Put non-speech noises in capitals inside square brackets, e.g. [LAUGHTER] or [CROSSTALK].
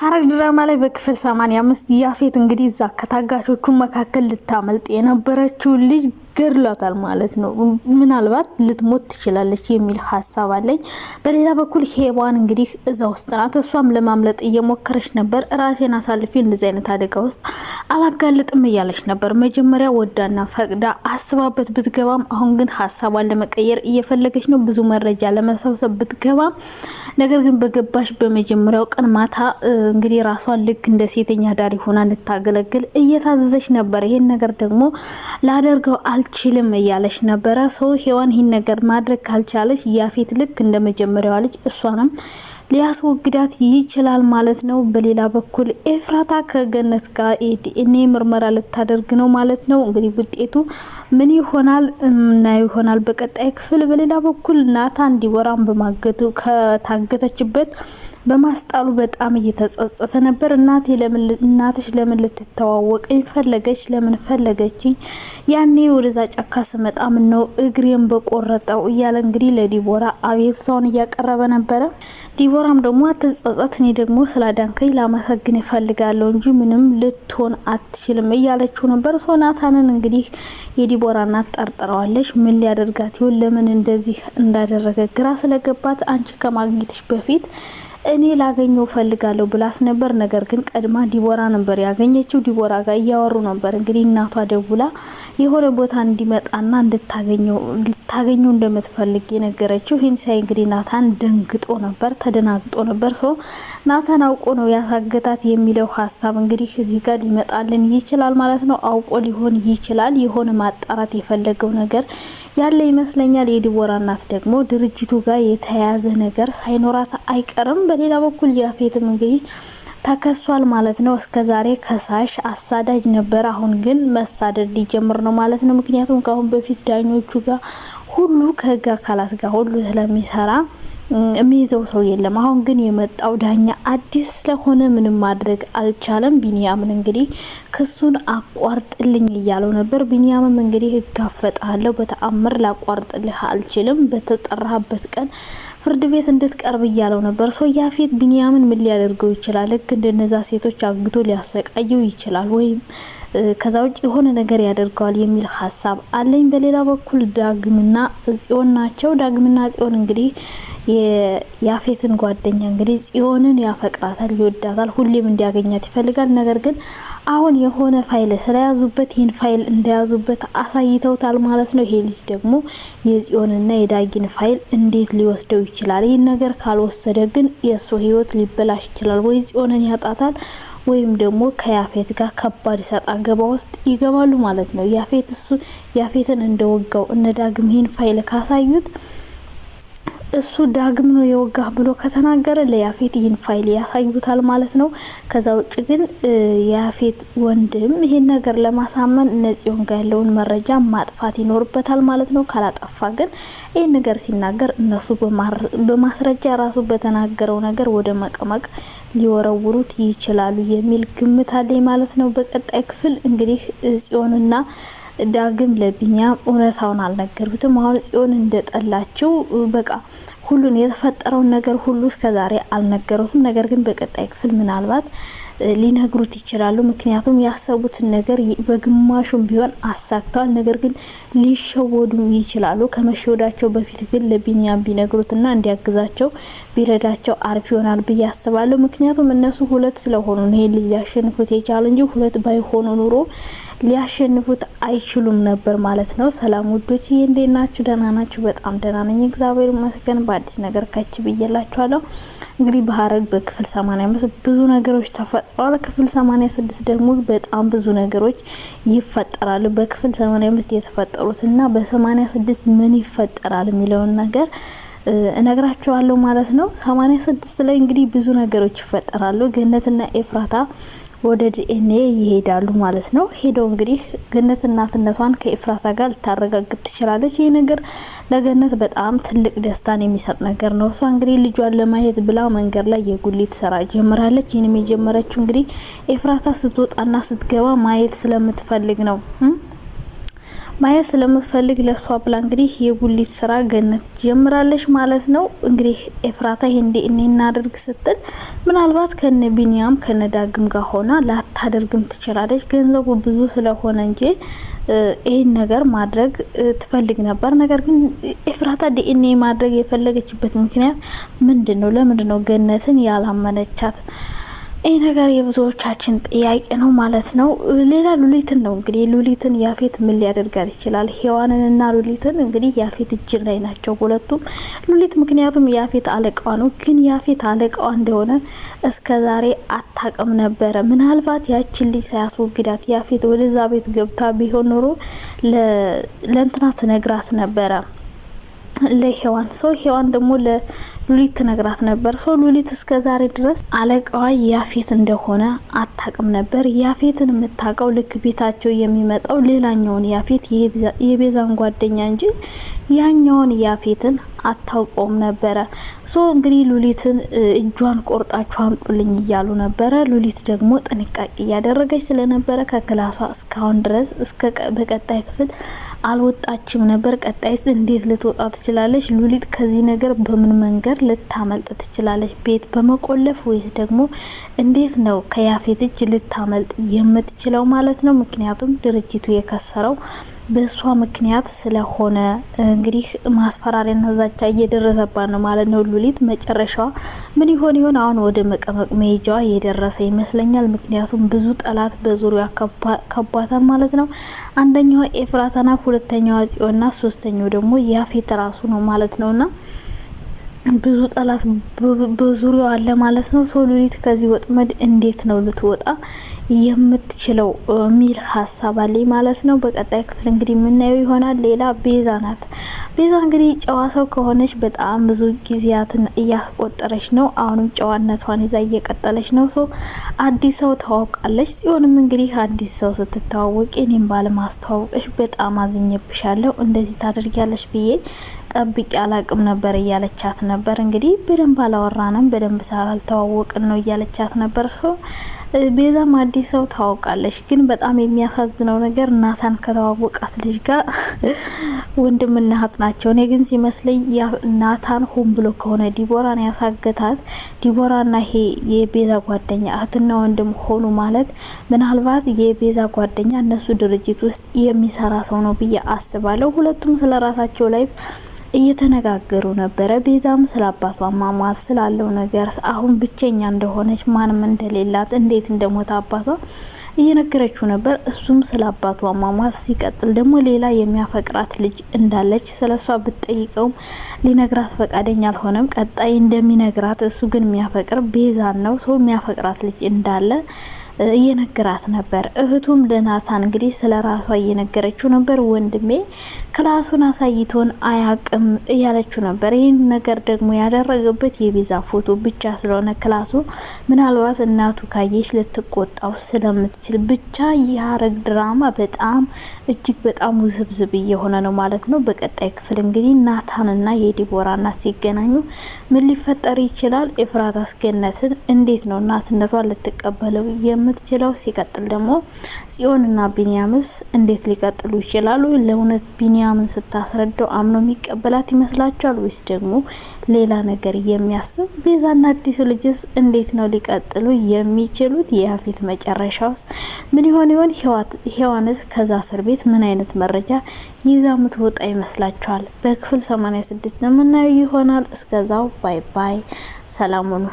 ሐረግ ድራማ ላይ በክፍል 85 ያፌት እንግዲህ እዛ ከታጋቾቹ መካከል ልታመልጥ የነበረችው ልጅ ገድሏታል ማለት ነው። ምናልባት ልትሞት ትችላለች የሚል ሀሳብ አለኝ። በሌላ በኩል ሄዋን እንግዲህ እዛ ውስጥ ናት። እሷም ለማምለጥ እየሞከረች ነበር። ራሴን አሳልፌ እንደዚህ አይነት አደጋ ውስጥ አላጋልጥም እያለች ነበር። መጀመሪያ ወዳና ፈቅዳ አስባበት ብትገባም፣ አሁን ግን ሀሳቧን ለመቀየር እየፈለገች ነው። ብዙ መረጃ ለመሰብሰብ ብትገባም፣ ነገር ግን በገባሽ በመጀመሪያው ቀን ማታ እንግዲህ ራሷን ልክ እንደ ሴተኛ ዳሪ ሆና እንድታገለግል እየታዘዘች ነበር። ይሄን ነገር ደግሞ ላደርገው አል አልችልም እያለች ነበረ። ሰው ሄዋን ይህን ነገር ማድረግ ካልቻለች ያፌት ልክ እንደመጀመሪያዋ ልጅ እሷንም ሊያስወግዳት ይችላል ማለት ነው። በሌላ በኩል ኤፍራታ ከገነት ጋር የዲኤንኤ ምርመራ ልታደርግ ነው ማለት ነው። እንግዲህ ውጤቱ ምን ይሆናል እና ይሆናል በቀጣይ ክፍል። በሌላ በኩል ናታ እንዲወራን በማገቱ ከታገተችበት በማስጣሉ በጣም እየተጸጸተ ነበር። እናቴ እናትሽ ለምን ልትተዋወቀኝ ፈለገች? ለምን ፈለገችኝ? ያኔ ወደዛ ጫካ ስመጣ ምን ነው እግሬን በቆረጠው እያለ እንግዲህ ለዲቦራ አቤቱታውን እያቀረበ ነበረ። ዲቦራም ደግሞ አትጸጸት፣ እኔ ደግሞ ስላዳንከኝ ላመሰግን ይፈልጋለሁ እንጂ ምንም ልትሆን አትችልም እያለችው ነበር። ሰው ናታንን እንግዲህ የዲቦራ እናት ጠርጥረዋለች። ምን ሊያደርጋት ይሆን? ለምን እንደዚህ እንዳደረገ ግራ ስለገባት አንቺ ከማግኘትሽ በፊት እኔ ላገኘው ፈልጋለሁ ብላስ ነበር። ነገር ግን ቀድማ ዲቦራ ነበር ያገኘችው። ዲቦራ ጋር እያወሩ ነበር። እንግዲህ እናቷ ደውላ የሆነ ቦታ እንዲመጣና እንድታገኘው ልታገኘው እንደምትፈልግ የነገረችው። ይህን ሳይ እንግዲህ ናታን ደንግጦ ነበር። ተደናግጦ ነበር። ሶ ናታን አውቆ ነው ያሳገታት የሚለው ሀሳብ እንግዲህ እዚህ ጋር ሊመጣልን ይችላል ማለት ነው። አውቆ ሊሆን ይችላል። የሆነ ማጣራት የፈለገው ነገር ያለ ይመስለኛል። የዲቦራ እናት ደግሞ ድርጅቱ ጋር የተያያዘ ነገር ሳይኖራት አይቀርም። በሌላ በኩል ያፌትም እንግዲህ ተከሷል ማለት ነው። እስከ ዛሬ ከሳሽ አሳዳጅ ነበር። አሁን ግን መሳደድ ሊጀምር ነው ማለት ነው። ምክንያቱም ከአሁን በፊት ዳኞቹ ጋር ሁሉ ከህግ አካላት ጋር ሁሉ ስለሚሰራ የሚይዘው ሰው የለም። አሁን ግን የመጣው ዳኛ አዲስ ስለሆነ ምንም ማድረግ አልቻለም። ቢኒያምን እንግዲህ ክሱን አቋርጥልኝ እያለው ነበር። ቢኒያምም እንግዲህ እጋፈጥሃለሁ፣ በተአምር ላቋርጥልህ አልችልም፣ በተጠራህበት ቀን ፍርድ ቤት እንድትቀርብ እያለው ነበር። ሶ ያፌት ቢኒያምን ምን ሊያደርገው ይችላል? ህግ እንደነዛ ሴቶች አግቶ ሊያሰቃየው ይችላል፣ ወይም ከዛ ውጭ የሆነ ነገር ያደርገዋል የሚል ሀሳብ አለኝ። በሌላ በኩል ዳግምና ጽዮን ናቸው። ዳግምና ጽዮን እንግዲህ የያፌትን ጓደኛ እንግዲህ ጽዮንን ያፈቅራታል፣ ይወዳታል፣ ሁሌም እንዲያገኛት ይፈልጋል። ነገር ግን አሁን የሆነ ፋይል ስለያዙበት ይህን ፋይል እንደያዙበት አሳይተውታል ማለት ነው። ይሄ ልጅ ደግሞ የጽዮንና የዳጊን ፋይል እንዴት ሊወስደው ይችላል? ይህን ነገር ካልወሰደ ግን የእሱ ህይወት ሊበላሽ ይችላል። ወይ ጽዮንን ያጣታል ወይም ደግሞ ከያፌት ጋር ከባድ ሰጣ ገባ ውስጥ ይገባሉ ማለት ነው። ያፌት እሱ ያፌትን እንደወጋው እነ ዳግም ይህን ፋይል ካሳዩት እሱ ዳግም ነው የወጋህ ብሎ ከተናገረ ለያፌት ይህን ፋይል ያሳዩታል ማለት ነው። ከዛ ውጭ ግን የያፌት ወንድም ይህን ነገር ለማሳመን ነጽዮን ጋ ያለውን መረጃ ማጥፋት ይኖርበታል ማለት ነው። ካላጠፋ ግን ይህን ነገር ሲናገር እነሱ በማስረጃ ራሱ በተናገረው ነገር ወደ መቀመቅ ሊወረውሩት ይችላሉ የሚል ግምት አለኝ ማለት ነው። በቀጣይ ክፍል እንግዲህ ጽዮንና ዳግም ለቢኒያም እውነታውን አልነገሩትም። አሁን ጽዮን እንደጠላችው በቃ ሁሉን የተፈጠረውን ነገር ሁሉ ዛሬ አልነገሩትም። ነገር ግን በቀጣይ ክፍል ምናልባት ሊነግሩት ይችላሉ። ምክንያቱም ያሰቡትን ነገር በግማሹም ቢሆን አሳክተዋል። ነገር ግን ሊሸወዱ ይችላሉ። ከመሸወዳቸው በፊት ግን ለቢንያም ቢነግሩትና እንዲያግዛቸው ቢረዳቸው አሪፍ ይሆናል ብዬ አስባለሁ። ምክንያቱም እነሱ ሁለት ስለሆኑ ነው ይሄ ልጅ ሊያሸንፉት የቻለ እንጂ ሁለት ባይሆኑ ኑሮ ሊያሸንፉት አይችሉም ነበር ማለት ነው። ሰላም ውዶች፣ ይህ እንዴት ናችሁ? ደህና ናችሁ? በጣም ደህና ነኝ፣ እግዚአብሔር ይመስገን። በአዲስ ነገር ከች ብዬላችኋለሁ። እንግዲህ በሀረግ በክፍል 85 ብዙ ነገሮች ተፈጥረዋል። ክፍል 86 ደግሞ በጣም ብዙ ነገሮች ይፈጠራሉ። በክፍል 85 እና በ86 ምን ይፈጠራል የሚለውን ነገር እነግራቸዋለሁ ማለት ነው። 86 ላይ እንግዲህ ብዙ ነገሮች ይፈጠራሉ። ገነትና ኤፍራታ ወደ ዲኤንኤ ይሄዳሉ ማለት ነው። ሄደው እንግዲህ ገነት እናትነቷን ከኤፍራታ ጋር ልታረጋግጥ ትችላለች። ይህ ነገር ለገነት በጣም ትልቅ ደስታን የሚሰጥ ነገር ነው። እሷ እንግዲህ ልጇን ለማየት ብላ መንገድ ላይ የጉሊት ስራ ጀምራለች። ይህንም የጀመረችው እንግዲህ ኤፍራታ ስትወጣና ስትገባ ማየት ስለምትፈልግ ነው። ማየት ስለምትፈልግ ለሷ ብላ እንግዲህ የጉሊት ስራ ገነት ጀምራለች ማለት ነው። እንግዲህ ኤፍራታ ይሄ እንዴ እኔ እናደርግ ስትል ምናልባት ከነ ቢኒያም ከነ ዳግም ጋር ሆና ላታደርግም ትችላለች። ገንዘቡ ብዙ ስለሆነ እንጂ ይህን ነገር ማድረግ ትፈልግ ነበር። ነገር ግን ኤፍራታ ዲኤንኤ ማድረግ የፈለገችበት ምክንያት ምንድን ነው? ለምንድን ነው ገነትን ያላመነቻት? ይህ ነገር የብዙዎቻችን ጥያቄ ነው ማለት ነው። ሌላ ሉሊትን ነው እንግዲህ ሉሊትን ያፌት ምን ሊያደርጋት ይችላል? እና ሉሊትን እንግዲህ ያፌት እጅ ላይ ናቸው ሁለቱም። ሉሊት ምክንያቱም ያፌት አለቃዋ ነው፣ ግን ያፌት አለቃዋ እንደሆነ እስከ ዛሬ አታቅም ነበረ። ምናልባት ያችን ልጅ ሳያስወግዳት ያፌት ወደዛ ቤት ገብታ ቢሆን ኖሮ ለእንትና ትነግራት ነበረ ለሄዋን ሰው ሄዋን ደግሞ ለሉሊት ነግራት ነበር። ሰው ሉሊት እስከ ዛሬ ድረስ አለቃዋ ያፌት እንደሆነ አታቅም ነበር። ያፌትን የምታውቀው ልክ ቤታቸው የሚመጣው ሌላኛውን ያፌት የቤዛን ጓደኛ እንጂ ያኛውን ያፌትን አታውቀውም ነበረ። ሶ እንግዲህ ሉሊትን እጇን ቆርጣችሁ አምጡልኝ እያሉ ነበረ። ሉሊት ደግሞ ጥንቃቄ እያደረገች ስለነበረ ከክላሷ እስካሁን ድረስ እስከ በቀጣይ ክፍል አልወጣችም ነበር። ቀጣይስ እንዴት ልትወጣ ትችላለች? ሉሊት ከዚህ ነገር በምን መንገድ ልታመልጥ ትችላለች? ቤት በመቆለፍ ወይስ ደግሞ እንዴት ነው ከያፌት እጅ ልታመልጥ የምትችለው ማለት ነው? ምክንያቱም ድርጅቱ የከሰረው በእሷ ምክንያት ስለሆነ እንግዲህ ማስፈራሪያና ዛቻ እየደረሰባት ነው ማለት ነው። ሉሊት መጨረሻ ምን ይሆን ይሆን? አሁን ወደ መቀመቅ መሄጃዋ እየደረሰ ይመስለኛል። ምክንያቱም ብዙ ጠላት በዙሪያ ከባታል ማለት ነው። አንደኛዋ ኤፍራታና ሁለተኛዋ ጽዮና፣ ሶስተኛው ደግሞ ያፌት ራሱ ነው ማለት ነውና ብዙ ጠላት በዙሪያው አለ ማለት ነው። ሰው ሉሊት ከዚህ ወጥመድ እንዴት ነው ልትወጣ የምትችለው ሚል ሀሳብ አለኝ ማለት ነው። በቀጣይ ክፍል እንግዲህ የምናየው ይሆናል። ሌላ ቤዛ ናት። ቤዛ እንግዲህ ጨዋ ሰው ከሆነች በጣም ብዙ ጊዜያትን እያስቆጠረች ነው። አሁንም ጨዋነቷን ይዛ እየቀጠለች ነው። ሶ አዲስ ሰው ተዋውቃለች። ጽዮንም እንግዲህ አዲስ ሰው ስትተዋወቅ እኔም ባለማስተዋወቀች በጣም አዝኜብሻለሁ፣ እንደዚህ ታደርጊያለች ብዬ ጠብቄ አላቅም ነበር እያለቻት ነበር። እንግዲህ በደንብ አላወራንም፣ በደንብ ሳላልተዋወቅን ነው እያለቻት ነበር። ሶ ቤዛም አዲስ ሰው ታውቃለች ግን በጣም የሚያሳዝነው ነገር እናታን ከተዋወቃት ልጅ ጋር [LAUGHS] ወንድምና እህት ናቸው። እኔ ግን ሲመስለኝ ናታን ሆን ብሎ ከሆነ ዲቦራን ያሳገታት ዲቦራና ይሄ የቤዛ ጓደኛ እህትና ወንድም ሆኑ ማለት ምናልባት የቤዛ ጓደኛ እነሱ ድርጅት ውስጥ የሚሰራ ሰው ነው ብዬ አስባለሁ። ሁለቱም ስለ ራሳቸው ላይፍ እየተነጋገሩ ነበረ። ቤዛም ስለ አባቷ አሟሟት ስላለው ነገር አሁን ብቸኛ እንደሆነች ማንም እንደሌላት እንዴት እንደሞተ አባቷ እየነገረችው ነበር። እሱም ስለ አባቷ አሟሟት ሲቀጥል ደግሞ ሌላ የሚያፈቅራት ልጅ እንዳለች ስለ እሷ ብትጠይቀውም ሊነግራት ፈቃደኛ አልሆነም። ቀጣይ እንደሚነግራት እሱ ግን የሚያፈቅር ቤዛን ነው ሰው የሚያፈቅራት ልጅ እንዳለ እየነገራት ነበር። እህቱም ለናታን እንግዲህ ስለ ራሷ እየነገረችው ነበር። ወንድሜ ክላሱን አሳይቶን አያቅም እያለችው ነበር። ይህን ነገር ደግሞ ያደረገበት የቤዛ ፎቶ ብቻ ስለሆነ ክላሱ ምናልባት እናቱ ካየች ልትቆጣው ስለምትችል ብቻ የሀረግ ድራማ በጣም እጅግ በጣም ውስብስብ እየሆነ ነው ማለት ነው። በቀጣይ ክፍል እንግዲህ ናታንና የዲቦራ እናት ሲገናኙ ምን ሊፈጠር ይችላል? ኤፍራታስ አስገነትን እንዴት ነው እናትነቷን ልትቀበለው የምትችለው። ሲቀጥል ደግሞ ጽዮንና ቢንያምስ እንዴት ሊቀጥሉ ይችላሉ? ለእውነት ቢንያምን ስታስረዳው አምኖ የሚቀበላት ይመስላችኋል? ወይስ ደግሞ ሌላ ነገር የሚያስብ? ቤዛና አዲሱ ልጅስ እንዴት ነው ሊቀጥሉ የሚችሉት? የያፌት መጨረሻውስ ምን ይሆን ይሆን? ሔዋንስ ከዛ እስር ቤት ምን አይነት መረጃ ይዛ ምትወጣ ይመስላችኋል? በክፍል 86 የምናየው ይሆናል። እስከዛው ባይ ባይ፣ ሰላም ሁኑ።